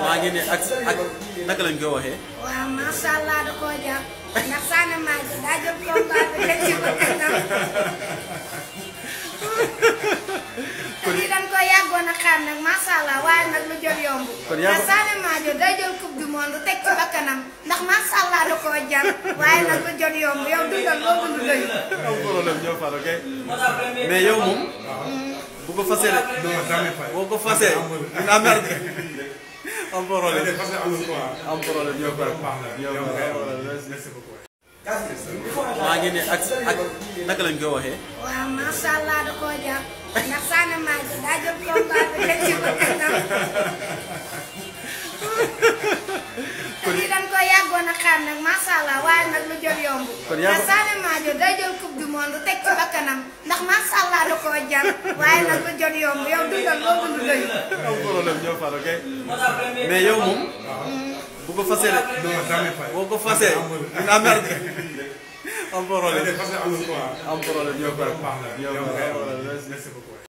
maa ngi ne ak naka lañ koy waxee. waaw macha da koo jàpp ndax Sane maa daa jël combat kon lii ko yàggoon a xaar nag macha allah waaye lu jot yomb. kon yaa ngi Sane Maajo day jël ndax macha da koo jàpp waaye nag lu jot yomb yow dundal loo dund doyul. am problème ñoo far ok mais yow moom. Mm. ko fasee rek. boo ko ngi ne ak naka lañ koy waxee. waaw macha da koo jàpp ndax Sane maa ngi daa jël combat ko kon lii dañ ko yàggoon a xaar nag macha waaye nag lu jot yomb. kon yàgg ndax Sane maa ngi day jël jar waaye nag lu jot yomb yow dundal loo dund doy. am problème ñoo far ok mais yow moom. bu ko fasee rek. boo ko fasee dinaa mer am problème am problème ñoo far.